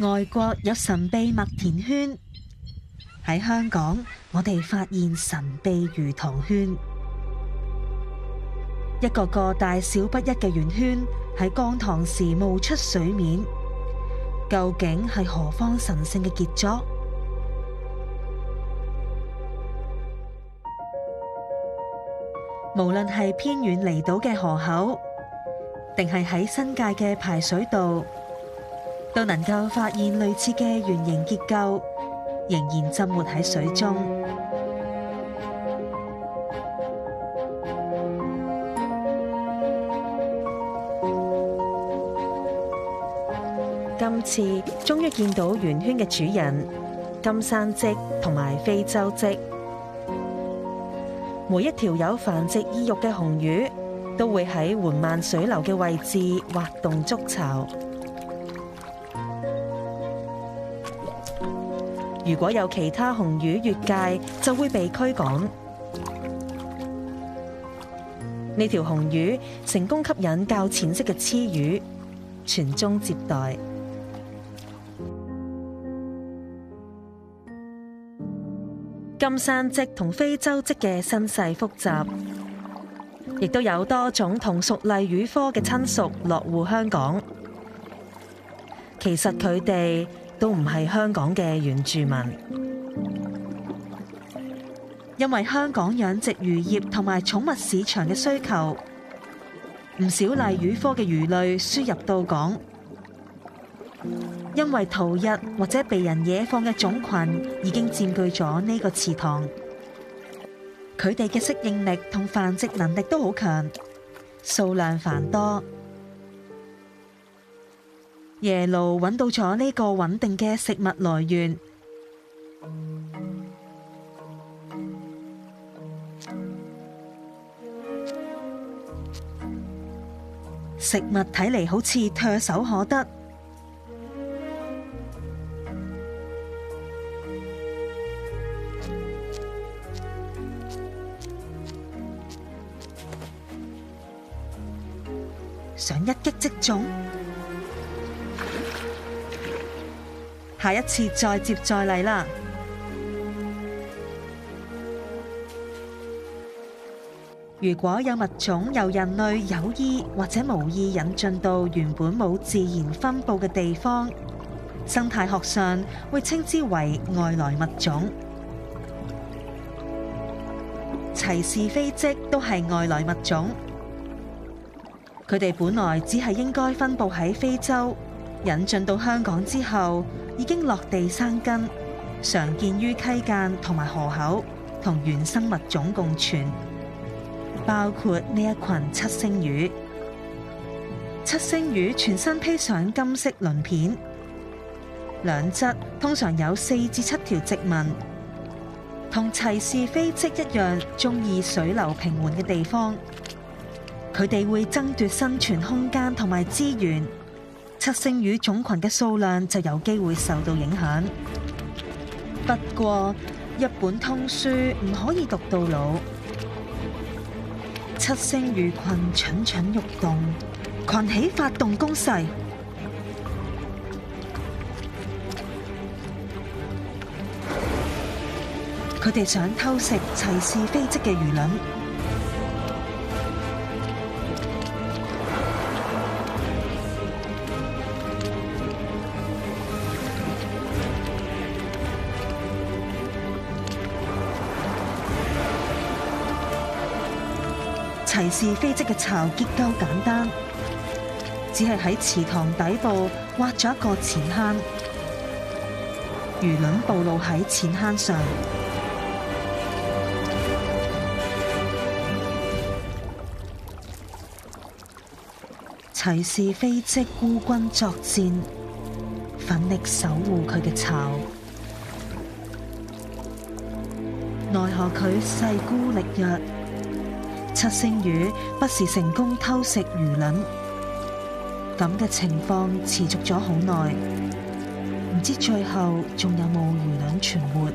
外國有神秘麥田圈，喺香港，我哋發現神秘魚塘圈，一個個大小不一嘅圓圈喺江塘時冒出水面，究竟係何方神聖嘅傑作？無論係偏遠離島嘅河口，定係喺新界嘅排水道。都能夠發現類似嘅圓形結構，仍然浸沒喺水中。 今次終於見到圓圈嘅主人——金山鯽同埋非洲鯽。每一條有繁殖意欲嘅紅魚，都會喺緩慢水流嘅位置挖洞築巢。如果有其他紅魚越界，就會被驅趕。呢條紅魚成功吸引較淺色嘅雌魚，傳宗接代。金山鯽同非洲鯽嘅身世複雜，亦都有多種同屬麗魚科嘅親屬落戶香港。其實佢哋都唔係香港嘅原住民，因為香港養殖漁業同埋寵物市場嘅需求，唔少麗魚科嘅魚類輸入到港。因為逃逸或者被人野放嘅種群已經佔據咗呢個池塘，佢哋嘅適應力同繁殖能力都好強，數量繁多。夜鷺揾到咗呢個穩定嘅食物來源，食物睇嚟好似唾手可得，想一擊即中。下一次再接再厲啦！如果有物種由人類有意或者無意引進到原本冇自然分布嘅地方，生態學上會稱之為外來物種。齊氏非鯽都係外來物種，佢哋本來只係應該分布喺非洲。引進到香港之後，已經落地生根，常見於溪澗同埋河口，同原生物種共存，包括呢一群七星魚。七星魚全身披上金色鱗片，兩側通常有四至七條直紋，同齊氏非鯽一樣，中意水流平緩嘅地方。佢哋會爭奪生存空間同埋資源。七星魚種群嘅數量就有機會受到影響。不過，一本通書唔可以讀到老。七星魚群蠢蠢欲動，群起發動攻勢，佢哋想偷食齊氏非鯽嘅魚卵。齊氏非鯽嘅巢結構簡單，只係喺池塘底部挖咗一個淺坑，魚卵暴露喺淺坑上。齊氏非鯽孤軍作戰，奮力守護佢嘅巢，奈何佢勢孤力弱。七星魚不時成功偷食魚卵，噉嘅情況持續咗好耐，唔知最後仲有冇魚卵存活。